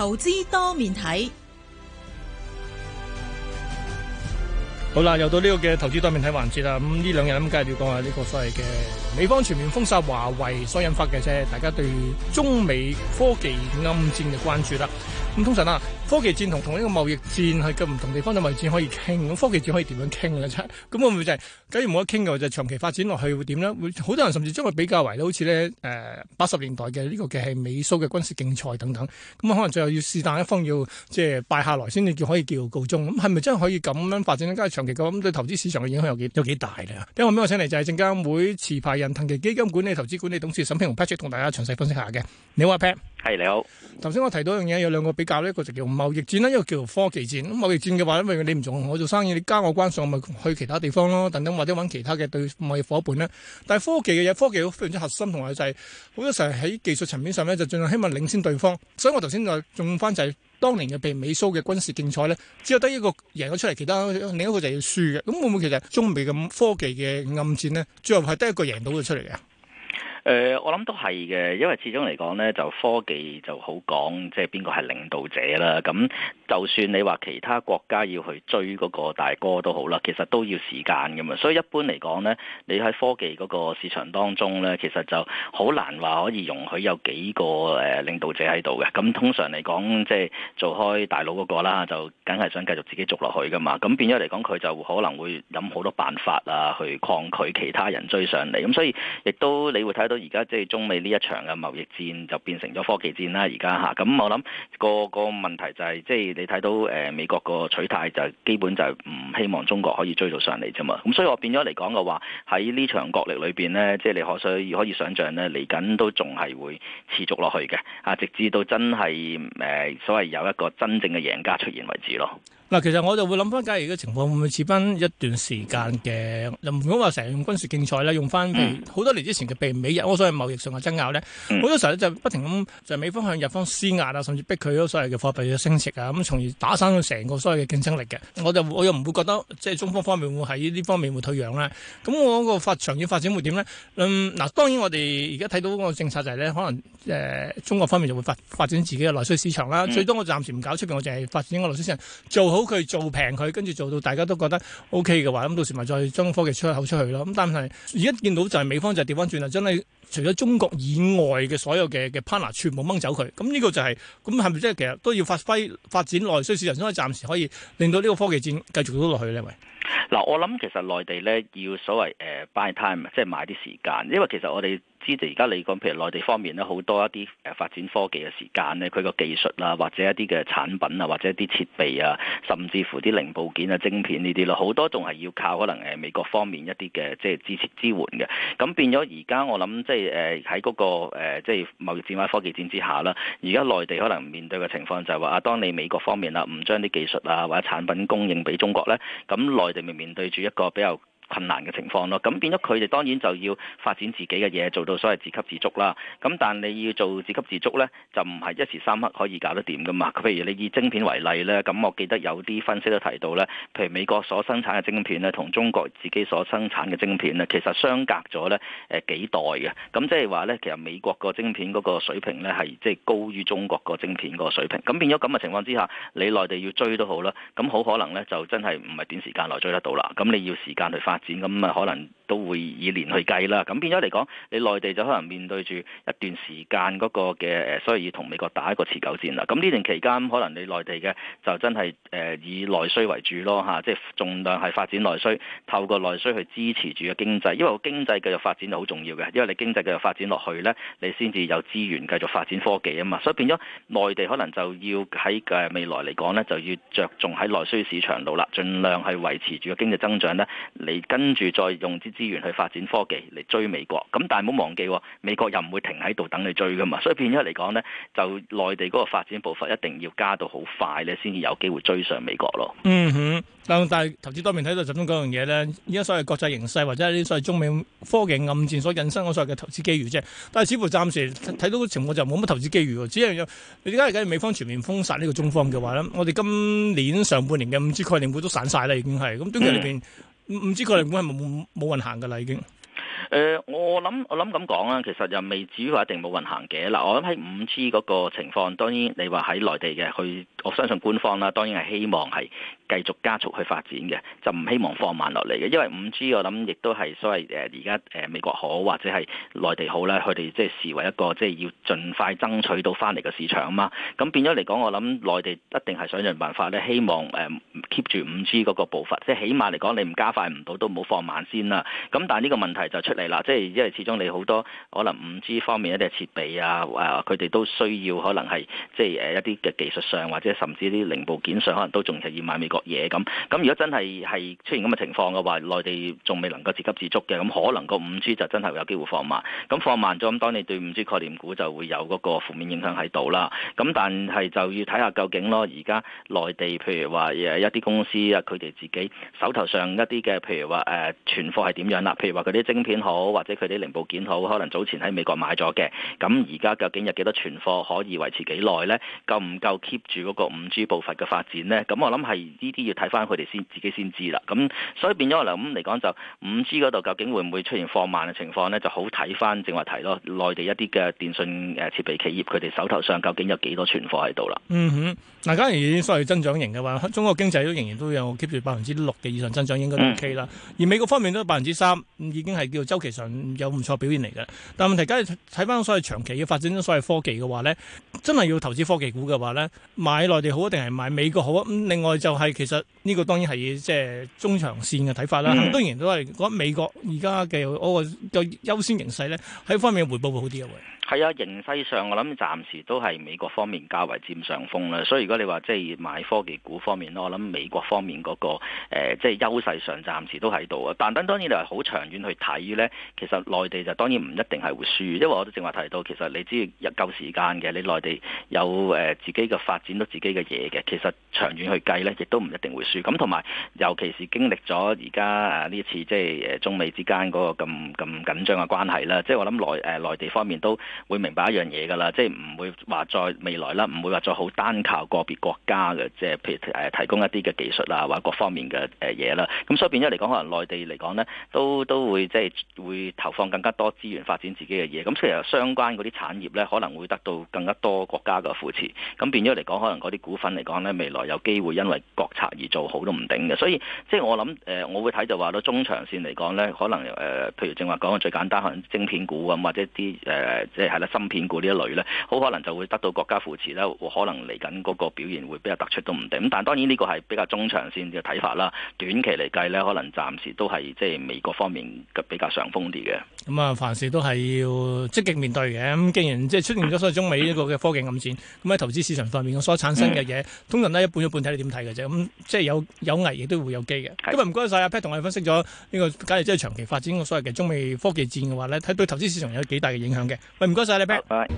投資多面睇，好啦，又到呢個嘅投資多面睇環節啦。咁呢兩日咁梗係要講下呢個所謂嘅美方全面封殺華為所引發嘅啫，大家對中美科技暗戰嘅關注啦。咁通常啊，科技戰同同呢個貿易戰係個唔同地方嘅，貿易戰可以傾，咁科技戰可以點樣傾咧？啫，咁會唔會就係假如冇得傾嘅話，就長期發展落去會點呢？會好多人甚至將佢比較為好似呢誒八十年代嘅呢、這個嘅係美蘇嘅軍事競賽等等，咁、嗯、可能最後要是但一方要即係、呃、敗下來先至叫可以叫告終，咁係咪真係可以咁樣發展得加長期咁？對投資市場嘅影響有幾有幾大咧？俾我邊請嚟？就係證監會持牌人騰祺基金管理投資管理董事沈慶洪 Patrick，同大家詳細分析下嘅。你好，Pat 係你好，頭先我提到一樣嘢，有兩個比較咧，一個就叫貿易戰啦，一個叫科技戰。咁貿易戰嘅話，因為你唔做，我做生意，你加我關稅，我咪去其他地方咯，等等或者揾其他嘅對貿易夥伴咧。但係科技嘅嘢，科技都非常之核心，同埋就係好多時候喺技術層面上咧，就盡量希望領先對方。所以我頭先就用翻就係當年嘅被美蘇嘅軍事競賽咧，只有得一個贏咗出嚟，其他另一個就要輸嘅。咁會唔會其實中美嘅科技嘅暗戰咧，最後係得一個贏到佢出嚟嘅？誒，我諗都係嘅，因為始終嚟講呢，就科技就好講，即係邊個係領導者啦。咁就算你話其他國家要去追嗰個大哥都好啦，其實都要時間㗎嘛。所以一般嚟講呢，你喺科技嗰個市場當中呢，其實就好難話可以容許有幾個誒領導者喺度嘅。咁通常嚟講，即係做開大佬嗰個啦，就梗係想繼續自己續落去㗎嘛。咁變咗嚟講，佢就可能會諗好多辦法啊，去抗拒其他人追上嚟。咁所以亦都你會睇到而家即係中美呢一場嘅貿易戰就變成咗科技戰啦，而家吓咁我諗個個問題就係即係你睇到誒美國個取態就基本就唔希望中國可以追到上嚟啫嘛，咁所以我變咗嚟講嘅話，喺呢場角力裏邊呢，即係你可想，亦可以想象呢，嚟緊都仲係會持續落去嘅啊，直至到真係誒呃所謂有一個真正嘅贏家出現為止咯。嗱，其實我就會諗翻，假如嘅情況會唔會似翻一段時間嘅，又唔好話成日用軍事競賽啦，用翻譬如好多年之前嘅避美日，我所謂貿易上嘅爭拗咧，好、嗯、多時候咧就不停咁就是、美方向日方施壓啊，甚至逼佢所謂嘅貨幣嘅升值啊，咁從而打散咗成個所謂嘅競爭力嘅。我就我又唔會覺得即係中方方面會喺呢方面會退讓啦。咁我個發長遠發展會點咧？嗱、嗯、當然我哋而家睇到個政策就係、是、咧，可能誒、呃、中國方面就會發發展自己嘅內需市場啦。嗯、最多我暫時唔搞出邊，我就係發展我內需市場做好。好佢做平佢，跟住做到大家都覺得 O K 嘅話，咁到時咪再將科技出口出去咯。咁但係而家見到就係美方就係調翻轉啦，真係除咗中國以外嘅所有嘅嘅 partner 全部掹走佢。咁、嗯、呢、這個就係、是，咁係咪即係其實都要發揮發展內需市場先可以暫時可以令到呢個科技戰繼續到落去咧？喂嗱，我諗其實內地咧要所謂誒、呃、buy time，即係買啲時間，因為其實我哋知道而家你講，譬如內地方面咧好多一啲誒發展科技嘅時間咧，佢個技術啊，或者一啲嘅產品啊，或者一啲設備啊，甚至乎啲零部件啊、晶片呢啲咯，好多仲係要靠可能誒美國方面一啲嘅即係支持支援嘅。咁變咗而家我諗，即係誒喺嗰個誒、呃、即係貿易戰或者科技戰之下啦，而家內地可能面對嘅情況就係話，當你美國方面啦唔將啲技術啊或者產品供應俾中國咧，咁內地。你面對住一個比較。困難嘅情況咯，咁變咗佢哋當然就要發展自己嘅嘢，做到所謂自給自足啦。咁但你要做自給自足呢，就唔係一時三刻可以搞得掂噶嘛。譬如你以晶片為例呢，咁我記得有啲分析都提到呢，譬如美國所生產嘅晶片呢，同中國自己所生產嘅晶片呢，其實相隔咗呢誒幾代嘅。咁即係話呢，其實美國個晶片嗰個水平呢，係即係高於中國個晶片個水平。咁變咗咁嘅情況之下，你內地要追都好啦，咁好可能呢，就真係唔係短時間內追得到啦。咁你要時間去翻展咁啊，可能都會以年去計啦。咁變咗嚟講，你內地就可能面對住一段時間嗰個嘅誒，所以要同美國打一個持久戰啦。咁呢段期間，可能你內地嘅就真係誒以內需為主咯嚇，即係儘量係發展內需，透過內需去支持住個經濟。因為經濟繼續發展就好重要嘅，因為你經濟繼續發展落去呢，你先至有資源繼續發展科技啊嘛。所以變咗內地可能就要喺誒未來嚟講呢，就要着重喺內需市場度啦，儘量係維持住個經濟增長呢。你。跟住再用啲資源去發展科技嚟追美國，咁但係唔好忘記，美國又唔會停喺度等你追噶嘛。所以變咗嚟講咧，就內地嗰個發展步伐一定要加到好快咧，先至有機會追上美國咯。嗯哼，但係投資多面睇到集中嗰樣嘢咧。依家所謂國際形勢或者係啲所謂中美科技暗戰所引申嘅所謂嘅投資機遇啫。但係似乎暫時睇到嘅情況就冇乜投資機遇喎。只係你點解而家美方全面封殺呢個中方嘅話咧。我哋今年上半年嘅五 G 概念股都散晒啦，已經係咁。中企裏邊。嗯唔唔知過嚟咁係冇冇人行噶啦，已經。誒、呃，我諗我諗咁講啦，其實又未至於話一定冇運行嘅。嗱，我諗喺五 G 嗰個情況，當然你話喺內地嘅，去我相信官方啦，當然係希望係繼續加速去發展嘅，就唔希望放慢落嚟嘅。因為五 G 我諗亦都係所謂誒而家誒美國好或者係內地好咧，佢哋即係視為一個即係、就是、要盡快爭取到翻嚟嘅市場啊嘛。咁變咗嚟講，我諗內地一定係想盡辦法咧，希望誒 keep 住五 G 嗰個步伐，即係起碼嚟講，你唔加快唔到都唔好放慢先啦。咁但係呢個問題就出。係啦，即係因為始終你好多可能五 G 方面一啲嘅設備啊，啊佢哋都需要可能係即係誒一啲嘅技術上，或者甚至啲零部件上，可能都仲係要買美國嘢咁。咁如果真係係出現咁嘅情況嘅話，內地仲未能夠自給自足嘅，咁可能個五 G 就真係有機會放慢。咁放慢咗，咁當你對五 G 概念股就會有嗰個負面影響喺度啦。咁但係就要睇下究竟咯。而家內地譬如話誒一啲公司啊，佢哋自己手頭上一啲嘅，譬如話誒存貨係點樣啦？譬如話嗰啲晶片。好或者佢哋零部件好，可能早前喺美國買咗嘅，咁而家究竟有幾多存貨可以維持幾耐呢？夠唔夠 keep 住嗰個五 G 步伐嘅發展呢？咁我諗係呢啲要睇翻佢哋先，自己先知啦。咁所以變咗，我諗嚟講就五 G 嗰度究竟會唔會出現放慢嘅情況呢？就好睇翻正話提咯，內地一啲嘅電信誒設備企業，佢哋手頭上究竟有幾多存貨喺度啦？嗯哼，嗱，假如所謂增長型嘅話，中國經濟都仍然都有 keep 住百分之六嘅以上增長，應該都 OK 啦。嗯、而美國方面都有百分之三，已經係叫周。其實有唔錯表現嚟嘅，但係問題梗係睇翻所謂長期要發展咗所謂科技嘅話咧，真係要投資科技股嘅話咧，買內地好定係買美國好啊？咁、嗯、另外就係、是、其實呢個當然係即係中長線嘅睇法啦。嗯、當然都係覺得美國而家嘅嗰個嘅優先形勢咧，喺方面嘅回報會好啲啊，位。係啊，形勢上我諗暫時都係美國方面較為佔上風啦，所以如果你話即係買科技股方面咯，我諗美國方面嗰個誒即係優勢上暫時都喺度啊。但係等當然你話好長遠去睇咧，其實內地就當然唔一定係會輸，因為我都正話提到，其實你只要夠時間嘅，你內地有誒自己嘅發展到自己嘅嘢嘅，其實長遠去計咧，亦都唔一定會輸。咁同埋尤其是經歷咗而家誒呢次即係誒中美之間嗰個咁咁緊張嘅關係啦，即係我諗內誒內地方面都會明白一樣嘢㗎啦，即係唔會話再未來啦，唔會話再好單靠個別國家嘅，即係譬如誒提供一啲嘅技術啊，或者各方面嘅誒嘢啦。咁所以變咗嚟講，可能內地嚟講呢，都都會即係會投放更加多資源發展自己嘅嘢。咁所以相關嗰啲產業呢，可能會得到更加多國家嘅扶持。咁變咗嚟講，可能嗰啲股份嚟講呢，未來有機會因為國策而做好都唔定嘅。所以即係我諗誒，我會睇就話到中長線嚟講呢，可能誒、呃，譬如正話講嘅最簡單，可能晶片股咁，或者啲誒、呃、即係。係啦，芯片股呢一類咧，好可能就會得到國家扶持啦，可能嚟緊嗰個表現會比較突出都唔定。咁但係當然呢個係比較中長線嘅睇法啦，短期嚟計咧，可能暫時都係即係美國方面嘅比較上風啲嘅。咁啊，凡事都係要積極面對嘅。咁既然即係出現咗所謂中美呢個嘅科技暗戰，咁喺 投資市場上面所產生嘅嘢，通常呢一半一半，睇你點睇嘅啫。咁即係有有危亦都會有機嘅。今日唔該晒阿 Pat，同我哋分析咗呢個假如真係長期發展嘅所謂嘅中美科技戰嘅話呢，睇對投資市場有幾大嘅影響嘅。喂，唔該晒你 Pat。